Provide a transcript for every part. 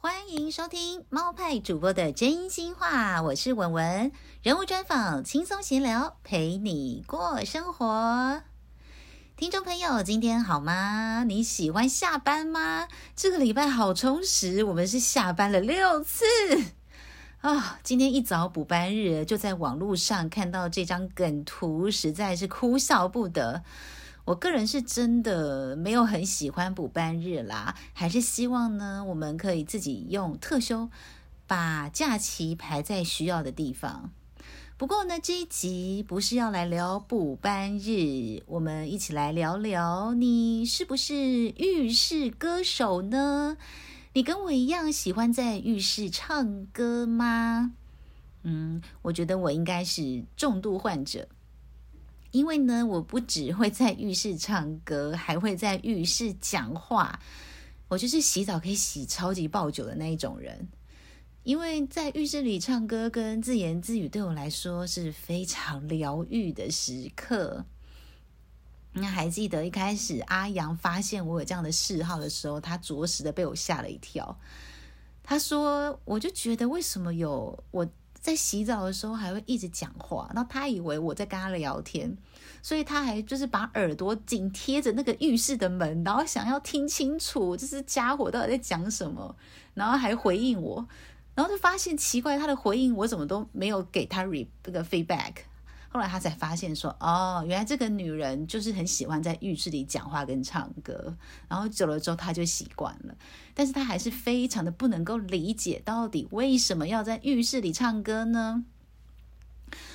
歡迎收聽貓派主播的真心話，我是文文。人物專訪，輕鬆閒聊，陪你過生活。聽眾朋友，今天好嗎？你喜歡下班嗎？這個禮拜好充實，我們是下班了六次啊、哦！今天一早補班日，就在網絡上看到這張梗圖，實在是哭笑不得。我個人是真的沒有很喜歡補班日啦，還是希望呢，我們可以自己用特休把假期排在需要的地方。不過呢，這一集不是要來聊補班日，我們一起來聊聊你是不是浴室歌手呢？你跟我一樣喜歡在浴室唱歌嗎？嗯，我覺得我應該是重度患者。因為呢，我不只會在浴室唱歌，還會在浴室講話。我就是洗澡可以洗超級爆久的那一種人。因為在浴室裡唱歌跟自言自語，對我來說是非常療癒的時刻。那還記得一開始阿陽發現我有這樣的嗜好的時候，他着實的被我嚇了一跳。他說：“我就覺得為什麼有我？”在洗澡的時候還會一直講話，然後他以為我在跟他聊天，所以他還就是把耳朵緊貼着那個浴室的門，然後想要聽清楚這隻傢伙到底在講什麼，然後還回應我，然後就發現奇怪，他的回應我怎麼都沒有給他這、那個 feedback。後來他才發現說，哦，原來這個女人就是很喜歡在浴室裡講話跟唱歌。然後久了之後，他就習慣了。但是他還是非常的不能夠理解，到底為什麼要在浴室裡唱歌呢？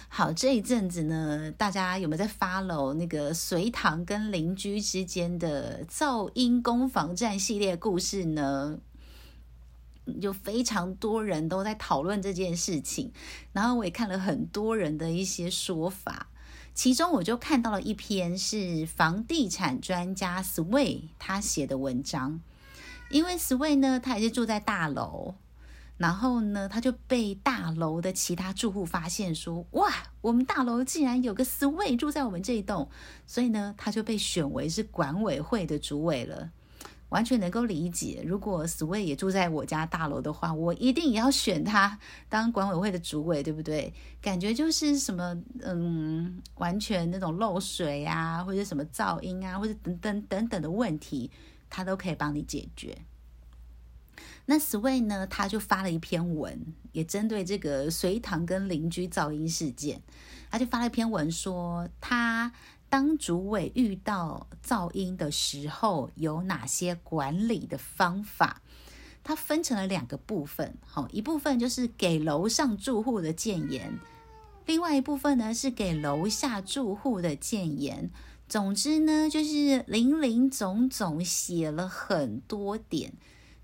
好，這一陣子呢，大家有沒有在 follow 那個隋棠跟鄰居之間的噪音攻防戰系列故事呢？就非常多人都在討論這件事情，然後我也看了很多人的一些說法，其中我就看到了一篇是房地產專家 Sway 他寫的文章，因為 Sway 呢，他也是住在大樓，然後呢，他就被大樓的其他住戶發現說，哇，我們大樓竟然有個 Sway 住在我們這一棟，所以呢，他就被選為是管委會的主委了。完全能夠理解，如果 Sway 也住在我家大樓的話，我一定也要選他當管委會的主委，對不對？感覺就是什麼，嗯，完全那種漏水啊，或者什麼噪音啊，或者等等等等的問題，他都可以幫你解決。那 Sway 呢，他就發了一篇文，也針對這個隋棠跟鄰居噪音事件，他就發了一篇文說他。當主委遇到噪音的時候，有哪些管理的方法？它分成了兩個部分，好，一部分就是給樓上住戶的建言，另外一部分呢是給樓下住戶的建言。總之呢，就是林林總總寫了很多點。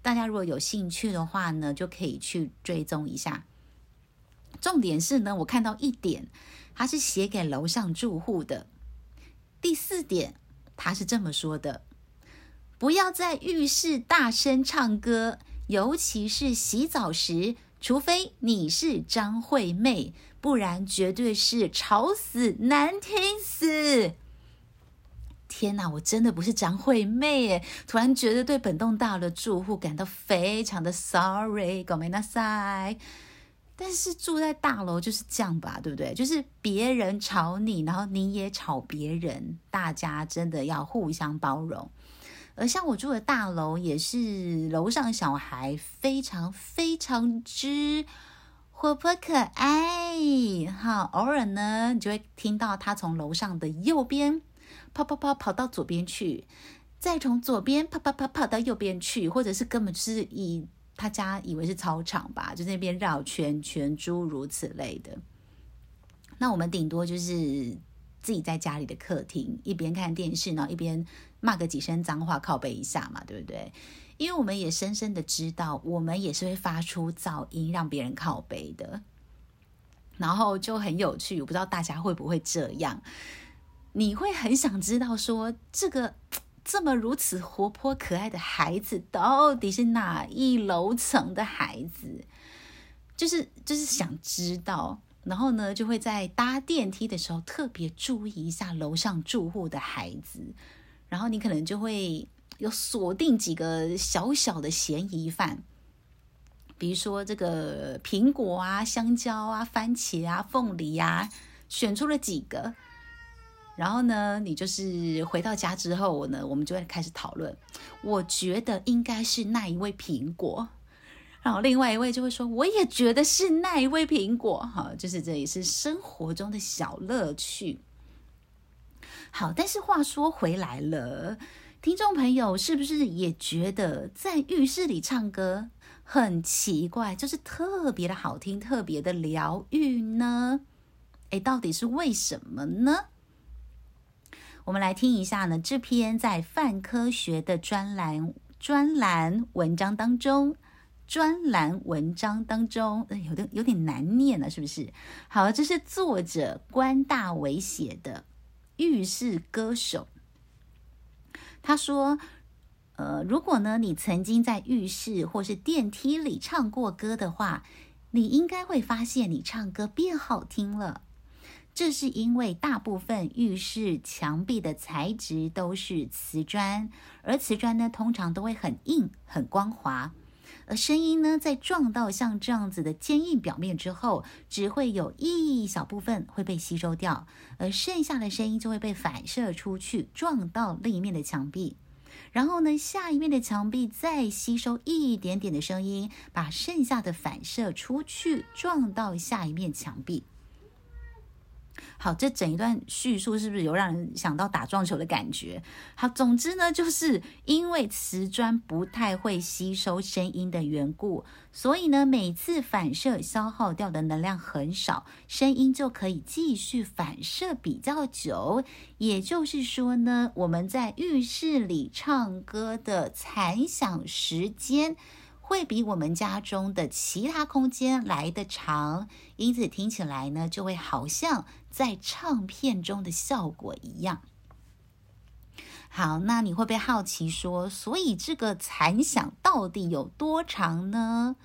大家如果有興趣的話呢，就可以去追蹤一下。重點是呢，我看到一點，它是寫給樓上住戶的。第四點，他是這麼說的：不要在浴室大聲唱歌，尤其是洗澡時，除非你是張惠妹，不然絕對是吵死、難聽死！天哪，我真的不是張惠妹耶！突然覺得對本棟大樓住戶感到非常的 sorry，搞沒那塞。但是住在大樓就是這樣吧，對不對？就是別人吵你，然後你也吵別人，大家真的要互相包容。而像我住的大樓，也是樓上小孩非常非常之活潑可愛，好，偶爾呢，你就會聽到他從樓上的右邊跑跑跑跑到左邊去，再從左邊跑跑跑跑到右邊去，或者是根本就是以。他家以為是操場吧，就那邊繞圈圈，諸如此類的。那我們頂多就是自己在家裡的客廳，一邊看電視，然後一邊罵個幾聲髒話，靠背一下嘛，對不對？因為我們也深深的知道，我們也是會發出噪音讓別人靠背的。然後就很有趣，我不知道大家會不會這樣？你會很想知道說這個。這麼如此活潑可愛的孩子，到底是哪一樓層的孩子？就是就是想知道，然後呢，就會在搭電梯的時候特別注意一下樓上住戶的孩子，然後你可能就會有鎖定幾個小小的嫌疑犯，比如說這個蘋果啊、香蕉啊、番茄啊、鳳梨啊，選出了幾個。然後呢，你就是回到家之後，我呢，我們就會開始討論。我覺得應該是那一位蘋果，然後另外一位就會說，我也覺得是那一位蘋果。好，就是這也是生活中的小樂趣。好，但是話說回來了，聽眾朋友是不是也覺得在浴室裡唱歌很奇怪？就是特別的好聽，特別的療癒呢？誒，到底是為什麼呢？我們來聽一下呢，這篇在泛科學的專欄專欄文章當中，專欄文章當中，有的有點難念了，是不是？好，這是作者官大威寫的《浴室歌手》。他說：“呃，如果呢你曾經在浴室或是電梯裡唱過歌的話，你應該會發現你唱歌變好聽了。”這是因為大部分浴室牆壁的材質都是瓷磚，而瓷磚呢通常都會很硬、很光滑，而聲音呢在撞到像這樣子的堅硬表面之後，只會有一小部分會被吸收掉，而剩下的聲音就會被反射出去，撞到另一面的牆壁，然後呢，下一面的牆壁再吸收一點點的聲音，把剩下的反射出去，撞到下一面牆壁。好，這整一段敘述是不是有讓人想到打撞球的感覺？好，總之呢，就是因為瓷磚不太會吸收聲音的緣故，所以呢，每次反射消耗掉的能量很少，聲音就可以繼續反射比較久。也就是說呢，我們在浴室裡唱歌的殘響時間。會比我們家中的其他空間來得長，因此聽起來呢，就會好像在唱片中的效果一樣。好，那你會不會好奇說，所以這個殘響到底有多長呢？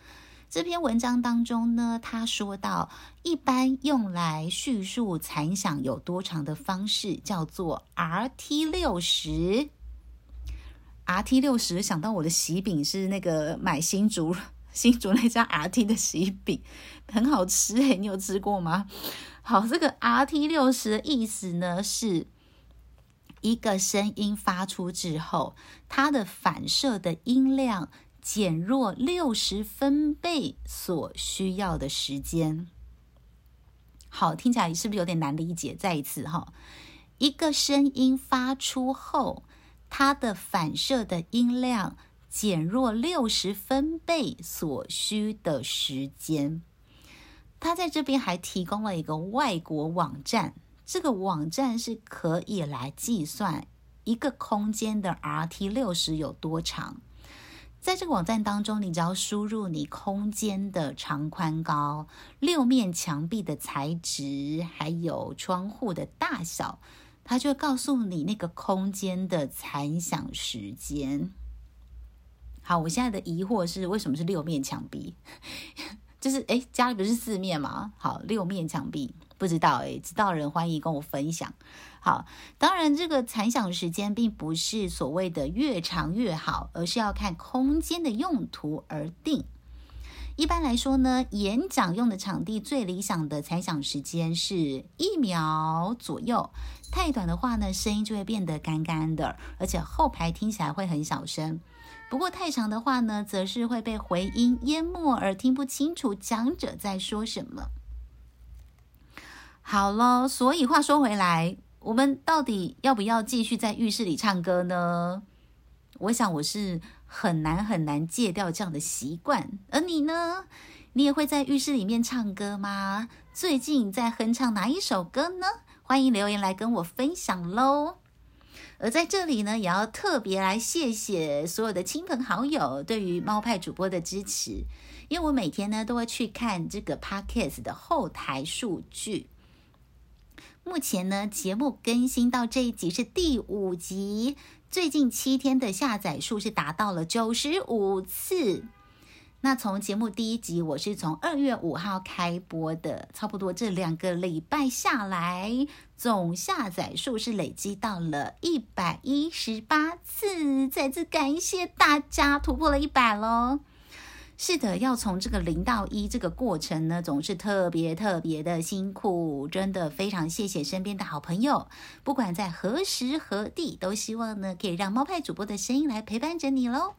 這篇文章當中呢，他說到，一般用來敘述殘響有多長的方式叫做 RT60。R T 六十，想到我的喜餅是那個買新竹，新竹那家 R T 的喜餅，很好吃哎，你有吃過嗎？好，這個 R T 六十的意思呢，是一個聲音發出之後，它的反射的音量減弱六十分貝所需要的時間。好，聽起來是不是有點難理解？再一次哈、哦，一個聲音發出後。它的反射的音量減弱六十分貝所需的時間。它在這邊還提供了一個外國網站，這個網站是可以來計算一個空間的 RT 六十有多長。在這個網站當中，你只要輸入你空間的長、寬、高，六面牆壁的材質，還有窗戶的大小。他就告訴你那個空間的殘響時間。好，我現在的疑惑是為什麼是六面牆壁？ 就是哎，家裡不是四面嗎？好，六面牆壁不知道誒，知道的人歡迎跟我分享。好，當然這個殘響時間並不是所謂的越長越好，而是要看空間的用途而定。一般來說呢，演講用的場地最理想的殘響時間是一秒左右。太短的話呢，聲音就會變得乾乾的，而且後排聽起來會很小聲。不過太長的話呢，則是會被回音淹沒而聽不清楚講者在說什麼。好了，所以話說回來，我們到底要不要繼續在浴室裡唱歌呢？我想我是。很難很難戒掉這樣的習慣，而你呢？你也會在浴室裡面唱歌嗎？最近在哼唱哪一首歌呢？歡迎留言來跟我分享嘍。而在這裡呢，也要特別來謝謝所有的親朋好友對於貓派主播的支持，因為我每天呢都會去看這個 podcast 的後台數據。目前呢，節目更新到這一集是第五集。最近七天的下載數是達到了九十五次，那從節目第一集，我是從二月五號開播的，差不多這兩個禮拜下來，總下載數是累積到了一百一十八次，再次感謝大家突破了一百嘍。是的，要從這個零到一這個過程呢，總是特別特別的辛苦，真的非常謝謝身邊的好朋友，不管在何時何地，都希望呢可以讓貓派主播的聲音來陪伴着你嘍。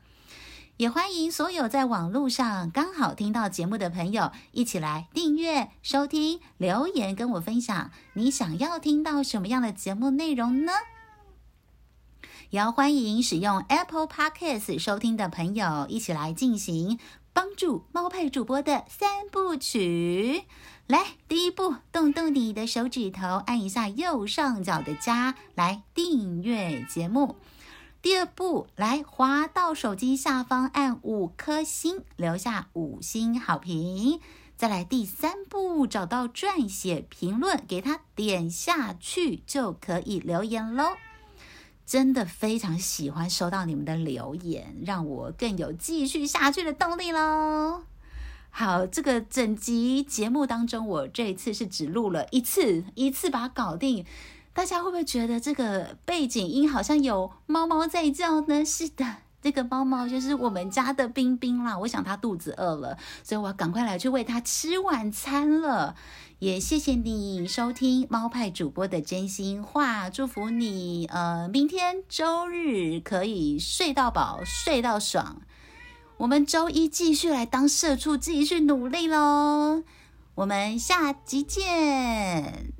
也歡迎所有在網絡上剛好聽到節目的朋友，一起來訂閱、收聽、留言跟我分享你想要聽到什麼樣的節目內容呢？也要歡迎使用 Apple Podcast 收聽的朋友一起來進行。幫助貓派主播的三部曲，來，第一步，動動你的手指頭，按一下右上角的加，來訂閱節目。第二步，來滑到手機下方，按五顆星，留下五星好評。再來第三步，找到撰寫評論，給它點下去就可以留言嘍。真的非常喜歡收到你們的留言，讓我更有繼續下去的動力嘍。好，這個整集節目當中，我這一次是只錄了一次，一次把它搞定。大家會不會覺得這個背景音好像有貓貓在叫呢？是的。這個貓貓就是我們家的冰冰啦，我想它肚子餓了，所以我要趕快來去餵它吃晚餐了。也謝謝你收聽貓派主播的真心話，祝福你，呃，明天周日可以睡到飽，睡到爽。我們周一繼續來當社畜，繼續努力嘍。我們下集見。